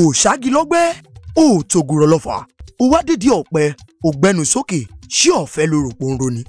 òṣági lọ́gbẹ́ òòtògùrọ̀ lọ́fà ó wá dìdí ọ̀pẹ ògbẹ́nu sókè ṣé ọ̀fẹ́ ló rò ni